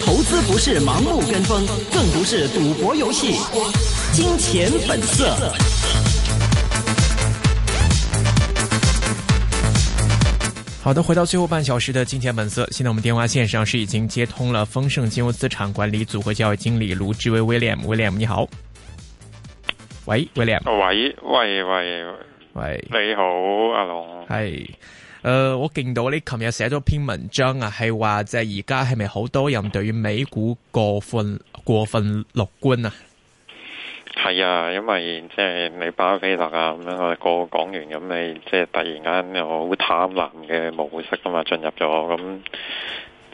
投資不是盲目跟風，更不是賭博遊戲。金錢本色。好的，回到最後半小時的金錢本色。現在我們電話線上是已經接通了豐盛金融資產管理組合交易經理盧志威 William，William 你好。喂，William。喂喂喂喂，你好，阿龍。嗨。誒、呃，我見到你琴日寫咗篇文章啊，係話即係而家係咪好多人對於美股過分過分樂觀啊？係啊，因為即係、就是、你巴菲特啊咁樣我哋個個講完咁，你即係突然間有好貪婪嘅模式咁嘛，進入咗咁，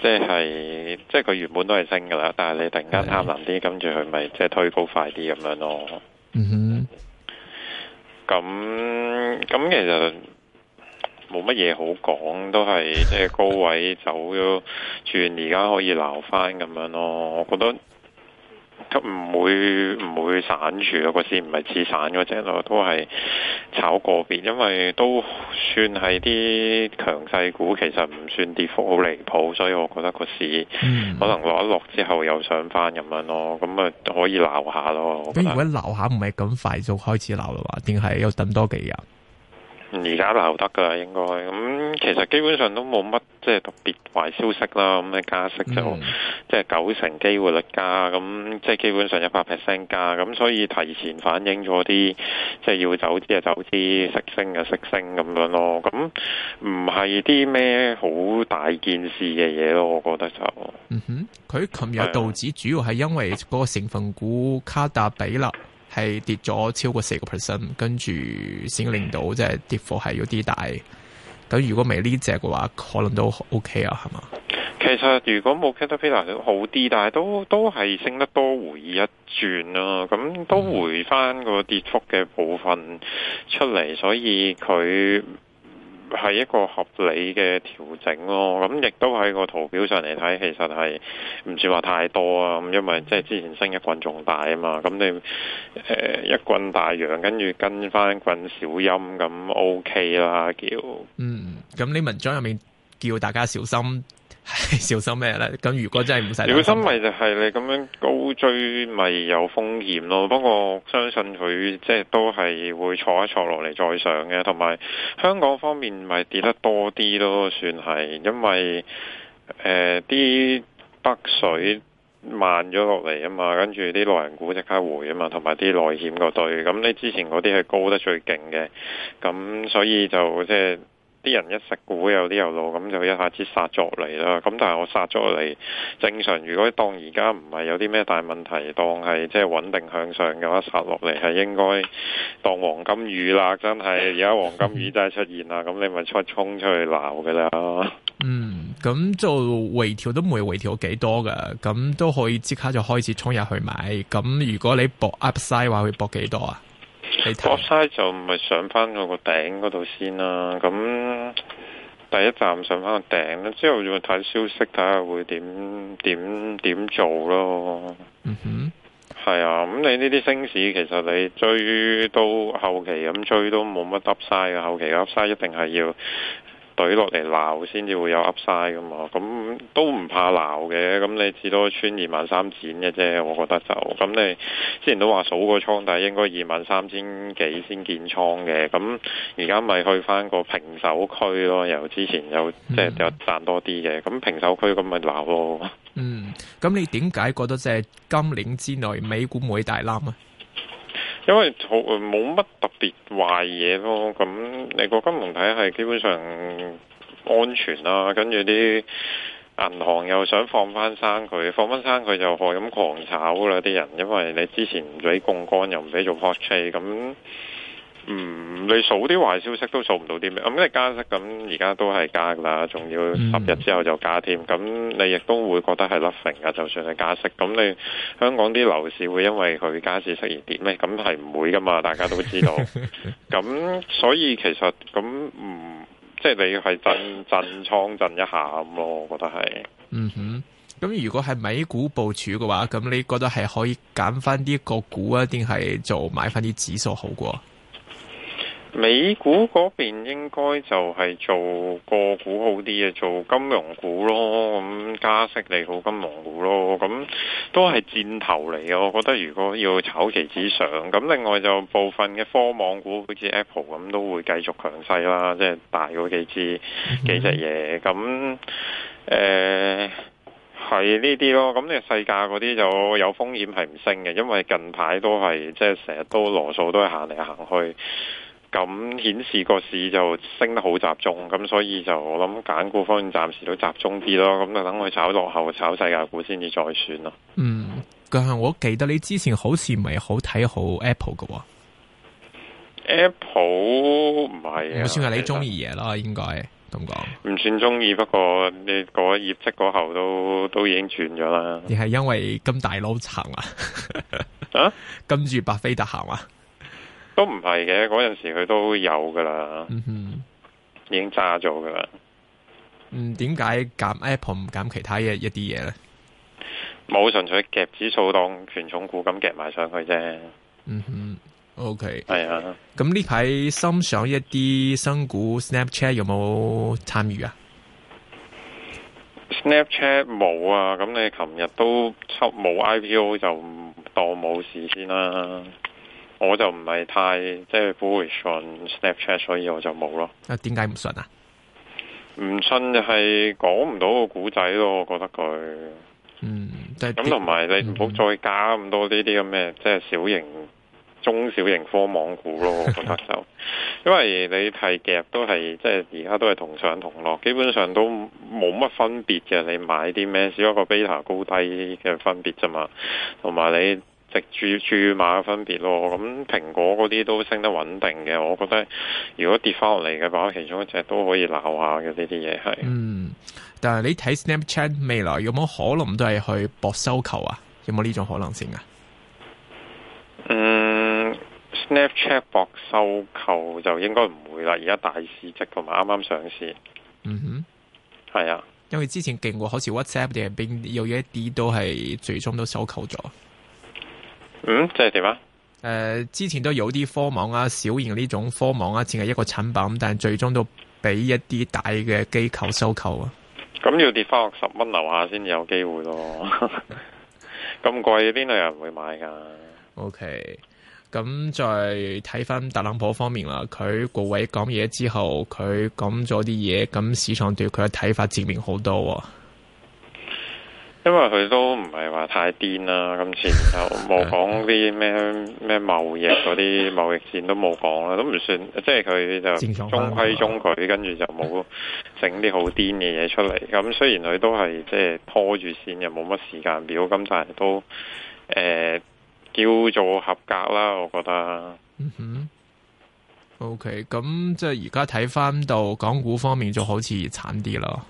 就是嗯、即係即係佢原本都係升噶啦，但係你突然間貪婪啲，跟住佢咪即係推高快啲咁樣咯。嗯哼，咁咁、嗯、其實。冇乜嘢好講，都係即係高位走咗，轉而家可以撈翻咁樣咯。我覺得佢唔會唔會散住個市，唔係止散嘅啫，都係炒個別，因為都算係啲強勢股，其實唔算跌幅好離譜，所以我覺得個市、嗯、可能落一落之後又上翻咁樣咯。咁啊可以撈下咯。如果撈下唔係咁快就開始撈嘅話，定係要等多幾日？而家留得噶，應該咁、嗯，其實基本上都冇乜即係特別壞消息啦。咁嘅加息就即係、就是、九成機會率加，咁即係基本上一百 percent 加。咁、嗯、所以提前反映咗啲，即、就、係、是、要走資就走資，息升就息升咁樣咯。咁唔係啲咩好大件事嘅嘢咯，我覺得就嗯哼，佢琴日道指主要係因為個成分股卡達比啦。嗯係跌咗超過四個 percent，跟住先令到即係跌幅係有啲大。咁如果未呢隻嘅話，可能都 OK 啊，係嘛？其實如果冇 Caterpillar 都好啲，但係都都係升得多回一轉咯、啊。咁都回返個跌幅嘅部分出嚟，所以佢。係一個合理嘅調整咯，咁亦都喺個圖表上嚟睇，其實係唔算話太多啊。咁因為即係之前升一棍仲大啊嘛，咁你誒、呃、一棍大陽，跟住跟翻棍小陰咁 O K 啦叫。嗯，咁呢文章入面叫大家小心。 小心咩咧？咁如果真係唔使小心，咪就係你咁樣高追咪有風險咯。不過相信佢即係都係會坐一坐落嚟，再上嘅。同埋香港方面咪跌得多啲都算係，因為誒啲、呃、北水慢咗落嚟啊嘛，跟住啲內銀股即刻回啊嘛，同埋啲內險個隊。咁你之前嗰啲係高得最勁嘅，咁所以就即、就、係、係。啲人一食股有啲又落，咁就一下子殺咗落嚟啦。咁但係我殺咗落嚟，正常如果當而家唔係有啲咩大問題，當係即係穩定向上嘅話，殺落嚟係應該當黃金雨啦。真係而家黃金雨真係出現啦，咁你咪出衝出去撈噶啦。嗯，咁做回調都冇回調幾多噶，咁都可以即刻就開始衝入去買。咁如果你搏 upside 話，會搏幾多啊？upside 就唔係上翻嗰個頂嗰度先啦，咁第一站上翻個頂咧，之後要睇消息，睇下會點點點做咯。嗯哼，係啊，咁你呢啲升市，其實你追都後期咁追都冇乜 upside 嘅，後期 upside 一定係要。水落嚟鬧先至會有 upside 噶嘛，咁都唔怕鬧嘅，咁你至多穿二萬三剪嘅啫，我覺得就咁你之前都話數個倉底應該二萬三千幾先建倉嘅，咁而家咪去翻個平手區咯，由之前又即係又賺多啲嘅，咁平手區咁咪鬧咯。嗯，咁、嗯、你點解覺得即係今年之內美股會大冧啊？因為冇冇乜特別壞嘢咯，咁你個金融體係基本上安全啦、啊，跟住啲銀行又想放翻生佢，放翻生佢就害咁狂炒啦啲人，因為你之前唔俾槓桿又唔俾做破賬，咁。嗯，你數啲壞消息都數唔到啲咩？咁即係加息，咁而家都係加啦，仲要十日之後就加添。咁、嗯嗯、你亦都會覺得係甩成噶，就算係加息。咁、嗯、你香港啲樓市會因為佢加息而跌咩？咁係唔會噶嘛？大家都知道。咁 所以其實咁唔、嗯、即係你係震震倉震一下咁咯，我覺得係。嗯哼，咁如果係美股部署嘅話，咁你覺得係可以揀翻啲個股啊，定係做買翻啲指數好過？美股嗰邊應該就係做個股好啲嘅，做金融股咯。咁加息利好金融股咯。咁、嗯、都係箭頭嚟嘅。我覺得如果要炒期指上，咁、嗯、另外就部分嘅科網股，好似 Apple 咁、嗯，都會繼續強勢啦。即係大嗰幾支幾隻嘢。咁誒係呢啲咯。咁、嗯、你細價嗰啲就有風險係唔升嘅，因為近排都係即係成日都羅數都係行嚟行去。咁顯示個市就升得好集中，咁所以就我諗揀股方面暫時都集中啲咯，咁就等佢炒落後、炒世界股先至再算咯。嗯，但係我記得你之前好似唔係好睇好 Apple 嘅、啊。Apple 唔係，唔算係你中意嘢啦，應該咁講。唔算中意，不過你嗰業績嗰後都都已經轉咗啦。你係因為咁大佬、啊 啊、行啊？跟住巴菲特行啊？都唔係嘅，嗰陣時佢都有噶啦，嗯哼，已經炸咗噶啦。嗯，點解減 Apple 唔減其他嘅一啲嘢咧？冇純粹夾指數當權重股咁夾埋上去啫。嗯哼，OK，係啊。咁呢排心想一啲新股 Snapchat 有冇參與啊？Snapchat 冇啊，咁、啊、你琴日都出冇 IPO 就當冇事先啦。我就唔係太即係 bullish on Snapchat 所以我就冇咯。啊，點解唔信啊？唔信就係講唔到個故仔咯，我覺得佢。嗯，咁同埋你唔好再加咁多呢啲咁嘅，即係、嗯嗯、小型、中小型科網股咯。我覺得就，因為你睇夾都係即係而家都係同上同落，基本上都冇乜分別嘅。你買啲咩，少一個 beta 高低嘅分別啫嘛，同埋你。直注注碼分別咯。咁蘋果嗰啲都升得穩定嘅，我覺得如果跌翻落嚟嘅話，其中一隻都可以鬧下嘅呢啲嘢係。嗯，但係你睇 Snapchat 未來有冇可能都係去博收購啊？有冇呢種可能性啊？嗯，Snapchat 博收購就應該唔會啦。而家大市值同埋啱啱上市，嗯哼，係啊。因為之前勁過好似 WhatsApp 定係邊，有一啲都係最終都收購咗。嗯，即係點啊？誒、呃，之前都有啲科網啊，小型呢種科網啊，淨係一個產品，但係最終都俾一啲大嘅機構收購啊。咁 要跌翻十蚊樓下先至有機會咯，啊。咁貴邊度人會買噶？O K，咁再睇翻特朗普方面啦，啊，佢個位講嘢之後，佢講咗啲嘢，咁市場對佢嘅睇法正面好多啊。因為佢都唔係話太癲啦，今次就冇講啲咩咩貿易嗰啲貿易戰都冇講啦，都唔算，即係佢就中規中矩，跟住就冇整啲好癲嘅嘢出嚟。咁雖然佢都係即係拖住線，又冇乜時間表，咁但係都誒、呃、叫做合格啦，我覺得。嗯哼。OK，咁即係而家睇返到港股方面，就好似慘啲啦。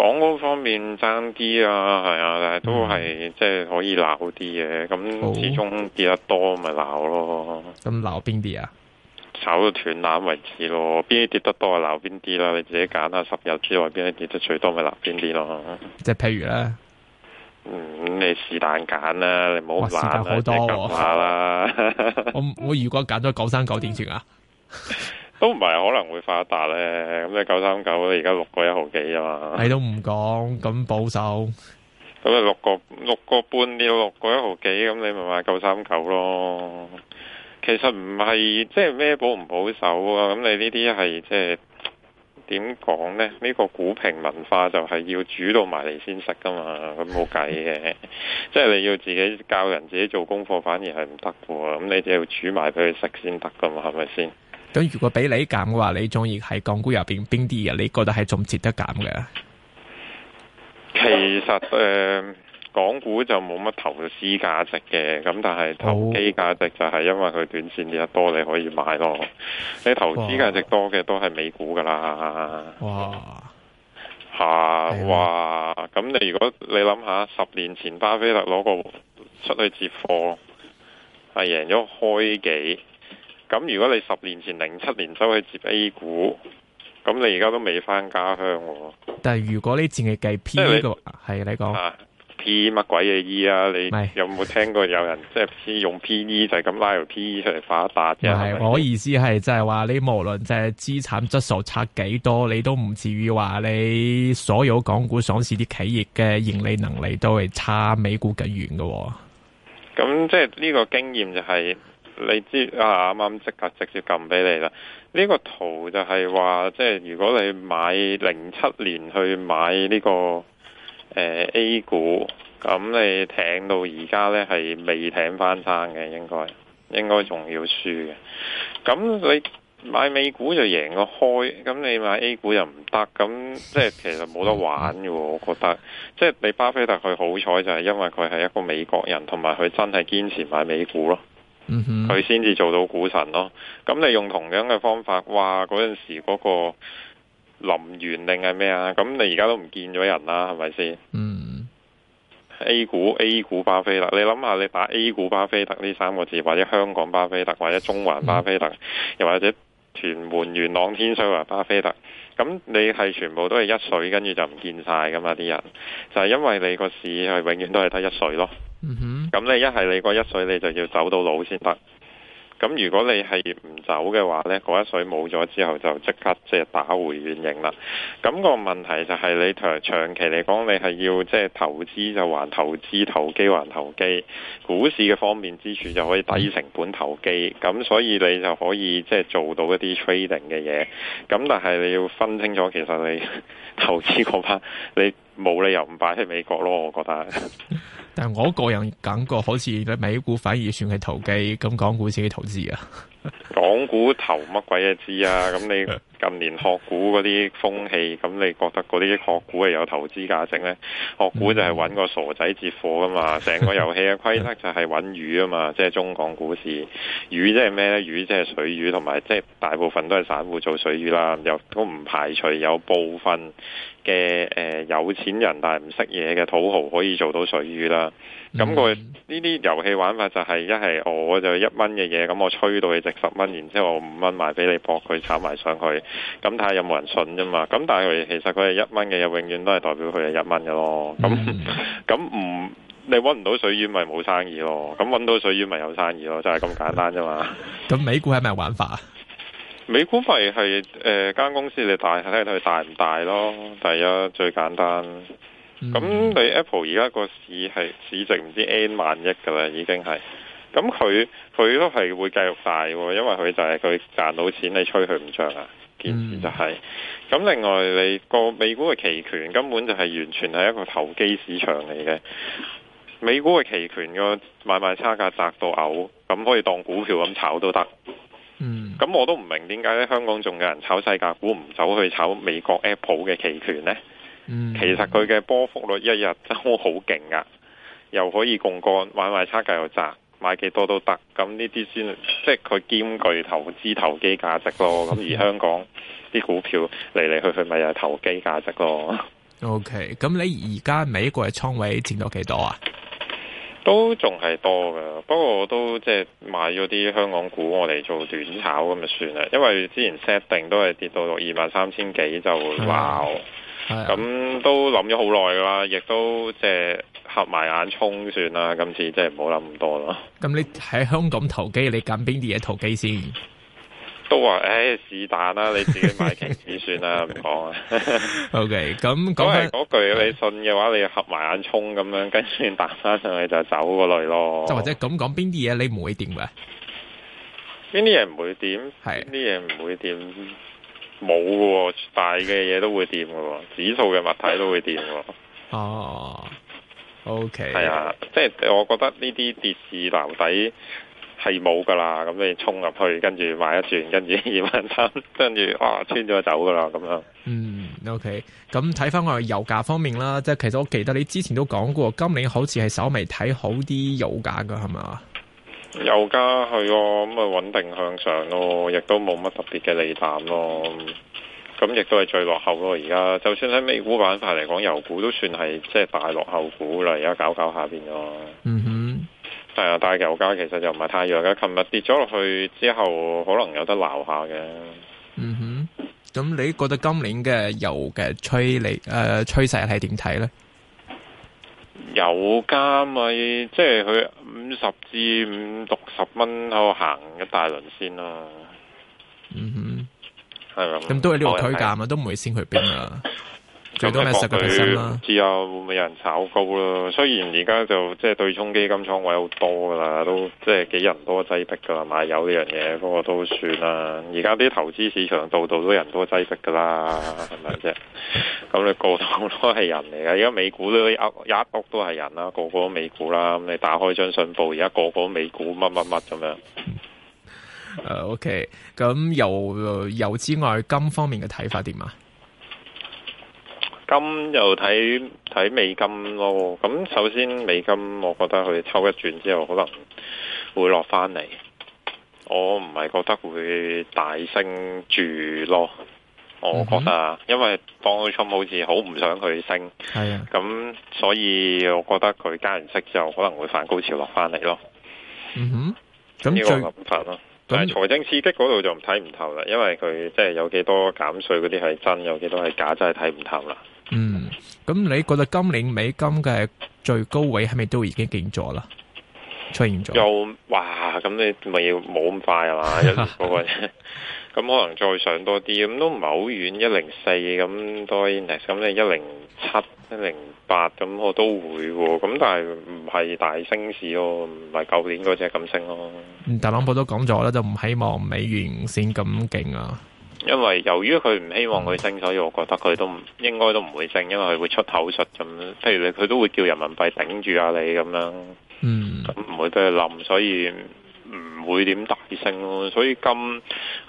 港股方面爭啲啊，係啊，但係都係即係可以鬧啲嘅，咁、嗯哦、始終、啊、跌得多咪鬧咯。咁鬧邊啲啊？炒到斷纜為止咯，邊啲跌得多咪鬧邊啲啦，你自己揀下十日之內邊啲跌得最多咪鬧邊啲咯。即係譬如咧，嗯，你是但揀啦，你唔好話好多、啊下 我，我我如果揀咗九三九點先啊。 都唔係可能會發達咧，咁你九三九而家六個一毫幾啊嘛？你 都唔講咁保守，咁啊六個六個半你要六個一毫幾，咁你咪買九三九咯。其實唔係即係咩保唔保守啊？咁你呢啲係即係點講咧？呢、這個股評文化就係要煮到埋嚟先食噶嘛，咁冇計嘅。 即係你要自己教人自己做功課，反而係唔得噶。咁你只要煮埋俾佢食先得噶嘛，係咪先？咁如果俾你揀嘅話，你中意喺港股入邊邊啲嘢？Ia, 你覺得係仲值得揀嘅？其實誒、呃，港股就冇乜投資價值嘅，咁但係投機價值就係因為佢短線跌得多，你可以買咯。你投資價值多嘅都係美股㗎喇哇、啊。哇！吓哇！咁你如果你諗下十年前巴菲特攞個出去接貨，係贏咗開幾？咁如果你十年前零七年走去接 A 股，咁你而家都未翻家鄉。但係如果你淨係計 P 呢個，係你講啊 P 乜鬼嘢 E 啊？你有冇聽過有人是即係用 P E 就係咁拉用 P E 出嚟發達？係是我意思係即係話你無論即係資產質素差幾多，你都唔至於話你所有港股上市啲企業嘅盈利能力都係差美股幾遠嘅。咁即係呢個經驗就係、是。你知啊，啱啱即刻直接撳俾你啦。呢、這個圖就係話，即係如果你買零七年去買呢、這個誒、呃、A 股，咁你挺到而家呢係未挺翻生嘅，應該應該仲要輸嘅。咁你買美股就贏個開，咁你買 A 股又唔得，咁即係其實冇得玩嘅。我覺得，即係你巴菲特佢好彩就係因為佢係一個美國人，同埋佢真係堅持買美股咯。佢先至做到股神咯。咁你用同樣嘅方法，哇！嗰陣時嗰個林園定係咩啊？咁你而家都唔見咗人啦，係咪先？嗯、mm。Hmm. A 股 A 股巴菲特，你諗下，你打 A 股巴菲特呢三個字，或者香港巴菲特，或者中環巴菲特，又或者。屯門元朗天水圍巴菲特，咁、嗯、你係全部都係一水，跟住就唔見晒噶嘛啲人，就係、是、因為你個市係永遠都係得一水咯。嗯哼，咁、嗯、你一係你個一水，你就要走到老先得。咁如果你係唔走嘅話呢，嗰一水冇咗之後就即刻即係打回原形啦。咁個問題就係你長期嚟講，你係要即係投資就還投資，投機還投機。股市嘅方便之處就可以低成本投機，咁所以你就可以即係做到一啲 trading 嘅嘢。咁但係你要分清楚，其實你投資嗰班你冇理由唔擺喺美國咯，我覺得。 但係我個人感覺，好似美股反而算係投機，咁港股先係投資啊。港股投乜鬼嘢知啊？咁你近年學股嗰啲風氣，咁你覺得嗰啲學股係有投資價值呢？學股就係揾個傻仔接貨噶嘛，成個遊戲嘅規則就係揾魚啊嘛，即係中港股市，魚即係咩呢？魚即係水魚，同埋即係大部分都係散戶做水魚啦，又都唔排除有部分嘅誒有錢人，但係唔識嘢嘅土豪可以做到水魚啦。咁佢呢啲遊戲玩法就係、是、一係我就一蚊嘅嘢，咁我吹到佢值十蚊，然之後我五蚊賣俾你搏，搏佢炒埋上去，咁睇下有冇人信啫嘛。咁但係其實佢係一蚊嘅嘢，永遠都係代表佢係一蚊嘅咯。咁咁唔你揾唔到水魚咪冇生意咯。咁揾到水魚咪有生意咯，就係、是、咁簡單啫嘛。咁、嗯、 美股係咩玩法啊？美股咪係誒間公司你大睇佢大唔大咯，第一，最簡單。咁你 Apple 而家個市係市值唔知 N 萬億噶啦，已經係。咁佢佢都係會繼續大，因為佢就係佢賺到錢，你吹佢唔漲啊。件事就係、是。咁、mm hmm. 另外你個美股嘅期權根本就係完全係一個投機市場嚟嘅。美股嘅期權個買賣差價窄到嘔，咁可以當股票咁炒都得。嗯、mm。咁、hmm. 我都唔明點解咧，香港仲有人炒細價股唔走去炒美國 Apple 嘅期權咧？嗯、其實佢嘅波幅率一日都好勁噶，又可以共干買賣差價又賺，買幾多都得。咁呢啲先即係佢兼具投資投機價值咯。咁、嗯、而香港啲股票嚟嚟去去咪又係投機價值咯。O K. 咁你而家美國嘅倉位佔咗幾多啊？都仲係多噶，不過我都即係買咗啲香港股，我哋做短炒咁就算啦。因為之前 set 定都係跌到二萬三千幾就爆。哇咁、嗯嗯、都諗咗好耐噶啦，亦都即係合埋眼衝算啦。今次即係唔好諗咁多咯。咁、嗯、你喺香港投機，你揀邊啲嘢投機先？都話誒，是但啦，你自己買期指算啦，唔講啊。OK，咁講係講句，嗯、你信嘅話，你合埋眼衝咁樣跟住彈翻上去就走過來咯。就或者咁講，邊啲嘢你唔會點嘅？邊啲嘢唔會點？邊啲嘢唔會點？冇嘅喎，大嘅嘢都會掂嘅喎，指數嘅物體都會掂喎。哦，O K，係啊，okay. 哎、即係我覺得呢啲跌市樓底係冇噶啦，咁你衝入去，跟住買一轉，跟住二萬三，跟住哇穿咗走噶啦咁樣。嗯，O K，咁睇翻我哋油價方面啦，即係其實我記得你之前都講過，今年好似係稍微睇好啲油價嘅，係咪啊？油價係咁啊，穩定向上咯，亦都冇乜特別嘅利淡咯。咁亦都係最落後咯，而家就算喺美股板塊嚟講，油股都算係即係大落後股啦。而家搞搞下邊咯。嗯哼，係啊，但係油價其實就唔係太弱嘅，琴日跌咗落去之後，可能有得鬧下嘅。嗯哼，咁你覺得今年嘅油嘅趨利誒趨勢係點睇咧？呃有監咪，即係佢五十至五六十蚊，喺度行一大輪先咯。嗯哼，係啦，咁都係呢個區間啊，都唔會先去邊啊。 就睇下佢知有會唔會有人炒高咯？雖然而家就即係對沖基金倉位好多噶啦，都即係幾人多擠迫噶買油呢樣嘢，不過都算啦。而家啲投資市場度度都人多擠逼噶啦，係咪先？咁 你個,個個都係人嚟嘅，而家美股都一一屋都係人啦，個個都美股啦，咁你打開張信報，而家個個都美股乜乜乜咁樣、嗯。誒、嗯、，OK，咁由油之、呃、外金方面嘅睇法點啊？金又睇睇美金咯，咁首先美金，我覺得佢抽一轉之後，可能會落翻嚟。我唔係覺得會大升住咯，我覺得，因為放 o n 好似好唔想佢升，係啊，咁所以我覺得佢加完息之後，可能會反高潮落翻嚟咯。嗯，呢個諗法咯，但係財政刺激嗰度就唔睇唔透啦，嗯、因為佢即係有幾多減稅嗰啲係真，有幾多係假，真係睇唔透啦。嗯，咁你覺得今年美金嘅最高位係咪都已經見咗啦？出現咗又哇，咁你咪要冇咁快啊嘛？嗰 個咁可能再上多啲，咁都唔係好遠，一零四咁多 index 咁你一零七、一零八咁我都會，咁、啊、但係唔係大升市哦，唔係舊年嗰隻咁升咯。特朗普都講咗啦，就唔希望美元先咁勁啊。因為由於佢唔希望佢升，所以我覺得佢都應該都唔會升，因為佢會出口術咁。譬如佢都會叫人民幣頂住啊，你咁樣，咁唔、嗯、會俾佢冧，所以。會點大升咯、啊，所以今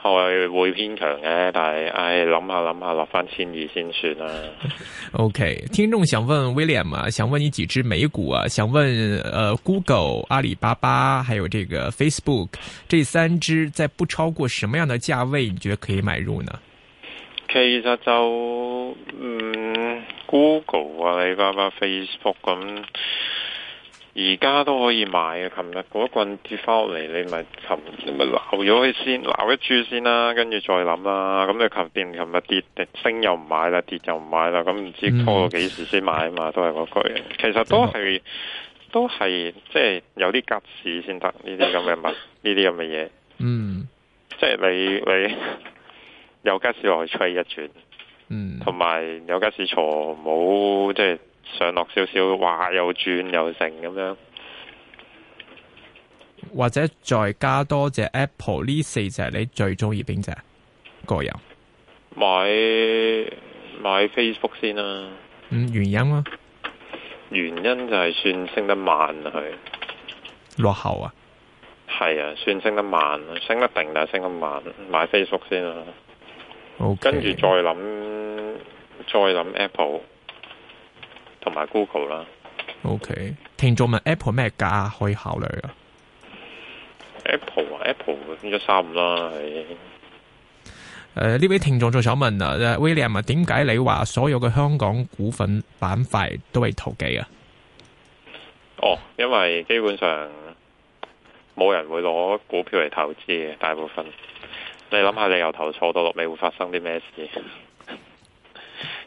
係會偏強嘅，但係唉諗下諗下，落翻千二先算啦、啊。OK，聽眾想問 William 啊，想問你幾支美股啊，想問，呃，Google、阿里巴巴，還有這個 Facebook，這三支在不超過什麼樣的價位，你覺得可以買入呢？其實就，嗯，Google 啊、阿里巴巴、Facebook 咁、嗯。而家都可以買嘅，琴日嗰棍跌翻落嚟，你咪琴，你咪留咗佢先，留一注先啦、啊，跟住再諗啦、啊。咁你琴跌，琴日跌跌升又唔買啦，跌又唔買啦，咁唔知拖到幾時先買啊嘛，嗯、都係嗰句。其實都係好都係即係有啲急市先得，呢啲咁嘅物，呢啲咁嘅嘢。嗯，即係你你 有吉市落去吹一轉，嗯，同埋有，有吉市坐冇即係。上落少少，話又轉又成咁樣，或者再加多隻 Apple 呢四隻，你最中意邊隻？個人買買 Facebook 先啦、啊，嗯，原因啊？原因，原因就係算升得慢佢落後啊，係啊，算升得慢，升得定但係升得慢，買 Facebook 先啦、啊，好 Okay. 跟住再諗再諗 Apple。同埋 Google 啦，OK。聽眾問 Apple 咩價可以考慮啊？Apple 啊，Apple 變咗三五啦，係。誒、呃，呢位聽眾在想問啊，William 啊，點解你話所有嘅香港股份板塊都係投機啊？哦，因為基本上冇人會攞股票嚟投資嘅，大部分。你諗下，你由頭坐到落尾，會發生啲咩事？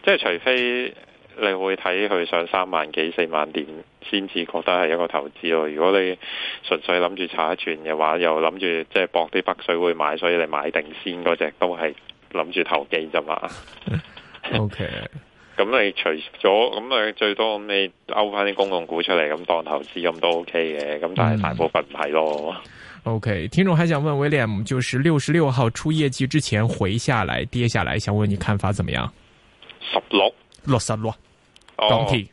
即係除非。你會睇佢上三萬幾四萬點先至覺得係一個投資咯。如果你純粹諗住炒一轉嘅話，又諗住即係搏啲北水會買，所以你買定先嗰隻都係諗住投機啫嘛。 OK，咁 你除咗咁，你最多你勾翻啲公共股出嚟咁當投資咁都 OK 嘅。咁但係大部分唔係咯。OK，聽眾還想問 William，就是六十六號出業績之前回下來跌下來，想問你看法怎麼樣？十六 16.，六十六。到期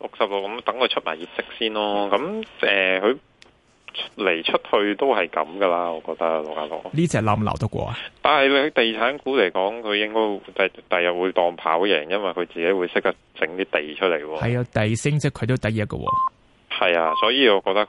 六十六咁，哦、66，等佢出埋業績先咯。咁誒，佢，呃、出嚟，出去都係咁噶啦。我覺得六家樂呢隻冧留得過啊？但係佢地產股嚟講，佢應該第第日會當跑贏，因為佢自己會識得整啲地出嚟。係啊，底升即係佢都得一個。係啊，所以我覺得。